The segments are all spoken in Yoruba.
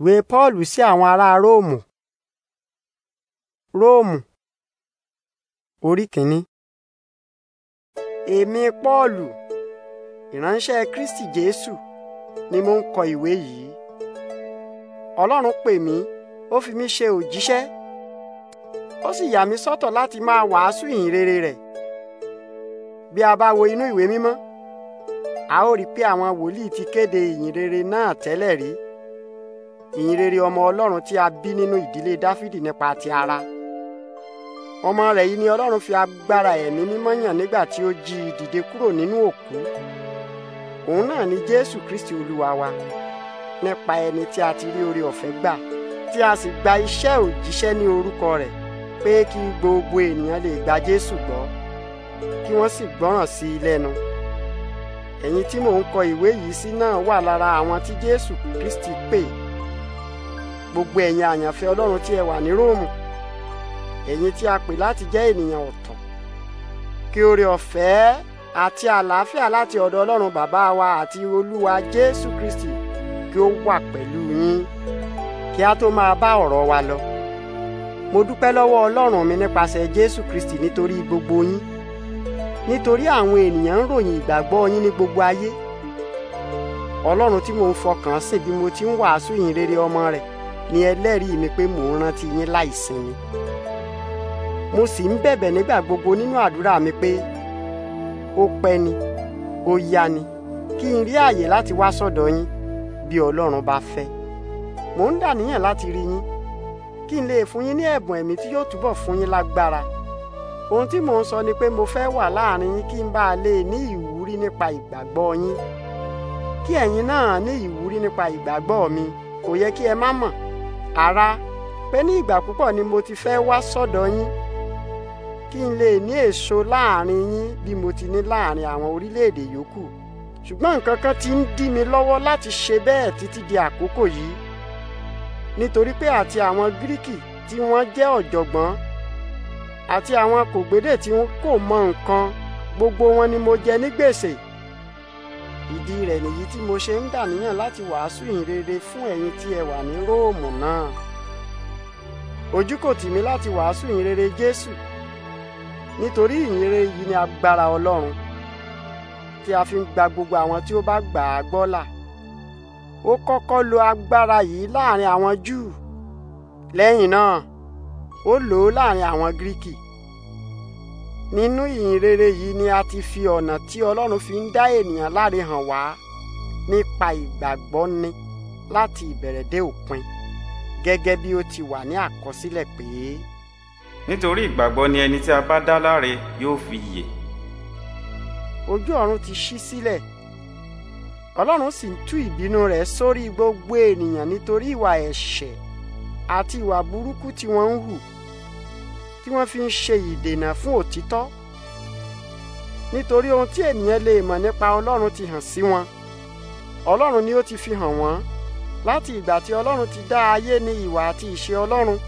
Ìwé Pọ́ọ̀lù sí àwọn ará Róòmù. Róòmù orí kìíní. Èmi Pọ́ọ̀lù, ìránṣẹ́ Kristi Jésù ni mo ń kọ ìwé yìí. Ọlọ́run pè mí, ó fi mí ṣe òjíṣẹ́. Ó sì yà mí sọ́tọ̀ láti máa wàásù ìhìn rẹ̀. Bí a bá wo inú ìwé mímọ́, a ó rí pé àwọn wòlíì ti kéde ìhìn náà tẹ́lẹ̀ rí ìyìnrere ọmọ ọlọ́run tí a bí nínú ìdílé dáfídì nípa ti ara ọmọ rẹ̀ yìí ni ọlọ́run fi agbára ẹ̀mí mímọ́ yàn nígbà tí ó jí i dìde kúrò nínú òkú òun náà ni jésù kristi olúwa wa nípa ẹni tí a ti rí oore ọ̀fẹ́ gbà tí a sì gba iṣẹ́ òjíṣẹ́ ní orúkọ rẹ̀ pé kí gbogbo ènìyàn lè gba jésù gbọ́ kí wọ́n sì gbọ́ràn sí i lẹ́nu ẹ̀yin tí mò ń kọ ìwé yìí sí náà wà lára àwọn tí jésù kristi pè é gbogbo ẹ̀yin àyànfẹ́ ọlọ́run tí ẹ wà ní róòmù ẹ̀yin tí a pè láti jẹ́ ènìyàn ọ̀tọ̀ kí oore ọ̀fẹ́ àti àlàáfíà láti ọ̀dọ̀ ọlọ́run bàbá wa àti olúwa jésù kristi kí ó wà pẹ̀lú yín kí a tó máa bá ọ̀rọ̀ wa lọ mo dúpẹ́ lọ́wọ́ ọlọ́run mi nípasẹ̀ jésù kristi nítorí gbogbo yín nítorí àwọn ènìyàn ń ròyìn ìgbàgbọ́ yín ní gbogbo ayé ọlọ́run tí mo ń fọkàn sí bí mo ti ń wàásù yìn rere ọmọ rẹ̀ ni ẹlẹ́rìí mi pé mò ń rántí yín láìsinmi mo sì ń bẹ̀bẹ̀ nígbà gbogbo nínú àdúrà mi pé ó pẹ́ ni ó yá ni kí n rí àyè láti wá sọ́dọ̀ yín bí Ọlọ́run bá fẹ́ mò ń dàníyàn láti rí yín kí n lè fún yín ní ẹ̀bùn ẹ̀mí tí yóò túbọ̀ fún yín lágbára ohun tí mò ń sọ ni pé mo fẹ́ wà láàrin yín kí n bá lè ní ìwúrí nípa ìgbàgbọ́ yín kí ẹ̀yin náà ní ìwúrí nípa ìgbàgbọ́ mi kò yẹ kí ẹ má mọ̀ Ara, pé ní ìgbà púpọ̀ ni mo ti fẹ́ wá sọ́dọ̀ yín kí n lè ní èso láàrin yín bí mo ti ní láàrin àwọn orílẹ̀-èdè yòókù ṣùgbọ́n nǹkan kan ti ń dí mi lọ́wọ́ láti ṣe bẹ́ẹ̀ títí di àkókò yìí nítorí pé àti àwọn gíríkì tí wọ́n jẹ́ ọ̀jọ̀gbọ́n àti àwọn kògbédè tí wọn kò mọ nǹkan gbogbo wọn ni mo jẹ ní gbèsè ìdí rẹ̀ nìyí tí mo ṣe ń dàníyàn láti wàásù ìhìnrere fún ẹ̀yin tí ẹ wà ní róòmù náà ojú kò tì mí láti wàásù ìhìnrere jésù nítorí ìhìnrere yìí ni agbára ọlọ́run tí a fi ń gba gbogbo àwọn tí ó bá gbà á gbọ́ là ó kọ́kọ́ lo agbára yìí láàrin àwọn júù lẹ́yìn náà ó lò ó láàrin àwọn gíríkì nínú ìyìn rere yìí ni a ti fi ọ̀nà tí ọlọ́run fi ń dá ènìyàn láre hàn wá nípa ìgbàgbọ́ ni láti ìbẹ̀rẹ̀ dé òpin gẹ́gẹ́ bí ó ti wà ní àkọsílẹ̀ pé. nítorí ìgbàgbọ́ ni ẹni tí a bá dá láre yóò fi yè. ojú ọ̀run ti ṣí sílẹ̀ ọlọ́run sì ń tú ìbínú rẹ̀ sórí gbogbo ènìyàn nítorí ìwà ẹ̀ṣẹ̀ àti ìwà burúkú tí wọ́n ń hù tí wọ́n fi ń ṣe ìdènà fún òtítọ́ nítorí ohun tí ènìyàn lè mọ̀ nípa Ọlọ́run ti hàn sí wọn Ọlọ́run ni ó ti fi hàn wọ́n láti ìgbà tí Ọlọ́run ti dá ayé ní ìwà àti ìṣe Ọlọ́run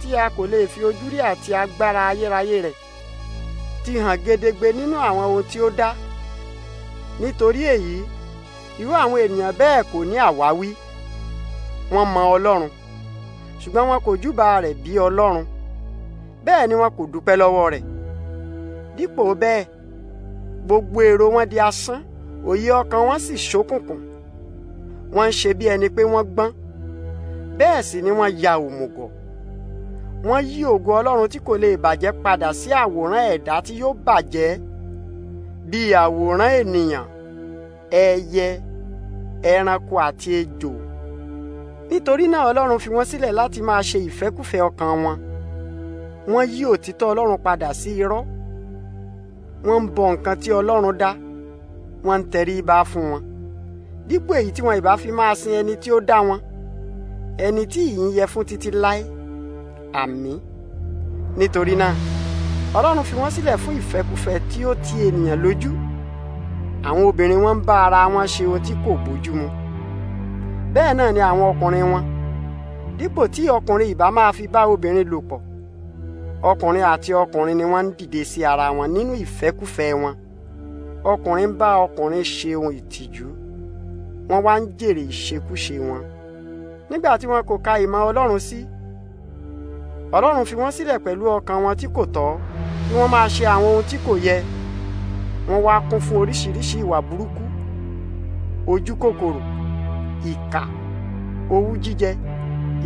tí a kò lè fi ojú rí àti agbára ayérayé rẹ̀ ti hàn gedegbe nínú àwọn ohun tí ó dá nítorí èyí irú àwọn ènìyàn bẹ́ẹ̀ kò ní àwáwí wọ́n mọ Ọlọ́run ṣùgbọ́n wọn kò júbà rẹ̀ bí Ọlọ́run bẹ́ẹ̀ ni wọn kò dúpẹ́ lọ́wọ́ rẹ̀ dípò bẹ́ẹ̀ gbogbo èrò wọn di asán òye ọkàn wọn sì ṣókùnkùn wọ́n ń ṣe bí ẹni pé wọ́n gbọ́n bẹ́ẹ̀ sì ni wọ́n ya òmùgọ̀ wọ́n yí ògo Ọlọ́run tí kò lè bàjẹ́ padà sí àwòrán ẹ̀dá tí yóò bàjẹ́ bíi àwòrán ènìyàn ẹyẹ ẹranko àti ejò nítorí náà Ọlọ́run fi wọ́n sílẹ̀ láti máa ṣe ìfẹ́kùfẹ́ ọkàn wọn wọ́n yí òtítọ́ Ọlọ́run padà sí irọ́ wọ́n ń bọ nǹkan tí Ọlọ́run dá wọ́n ń tẹrí ibà fún wọn dípò èyí tí wọn ìbá fi máa sin ẹni tí ó dá wọn ẹni tí ìyìn yẹ fún títí láé àmín nítorí náà Ọlọ́run fi wọ́n sílẹ̀ fún ìfẹ́kúfẹ́ tí ó ti ènìyàn lójú àwọn obìnrin wọn ń bá ara wọn ṣe ohun tí kò bójúmu bẹ́ẹ̀ náà ni àwọn ọkùnrin wọn dípò tí ọkùnrin ìbá máa fi bá obìnrin lò pọ̀ ọkùnrin àti ọkùnrin ni wọ́n ń dìde sí ara wọn nínú ìfẹ́kúfẹ́ wọn ọkùnrin bá ọkùnrin ṣe ohun ìtìjú wọ́n wá ń jèrè ìṣekúṣe wọn nígbà tí wọn kò ka ìmọ̀ Ọlọ́run sí Ọlọ́run fi wọ́n sílẹ̀ pẹ̀lú ọkàn wọn tí kò tọ́ kí wọ́n máa ṣe àwọn ohun tí kò yẹ wọ́n wá kún fún oríṣiríṣi ìwà burúkú ojú kòkòrò ìkà owú jíjẹ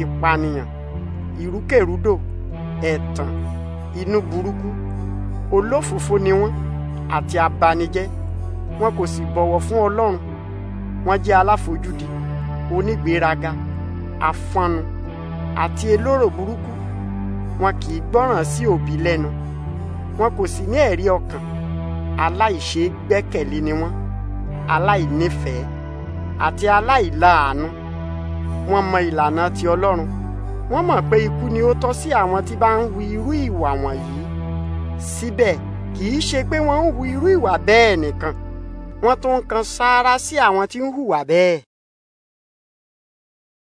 ìpànìyàn ìrúkèrúdò ẹ̀tàn inú burúkú olófòfó ni wọ́n àti abanijẹ́ wọn kò sì bọ̀wọ̀ fún ọlọ́run wọ́n jẹ́ aláfojúdi onígbéraga afọ́nu àti elóró burúkú wọn kì í gbọ́ràn sí òbí lẹ́nu wọn kò sì ní ẹ̀rí ọkàn aláìṣe gbẹ́kẹ̀lé ni wọ́n aláìnífẹ̀ẹ́ àti aláìláàánú wọ́n mọ ìlànà ti ọlọ́run wọ́n mọ̀ pé ikú ni ó tọ́ sí àwọn tí bá ń hu irú ìwà wọ̀nyí síbẹ̀ kì í ṣe pé wọ́n ń hu irú ìwà bẹ́ẹ̀ nìkan wọ́n tún ń kan sáárá sí àwọn tí ń hùwà bẹ́ẹ̀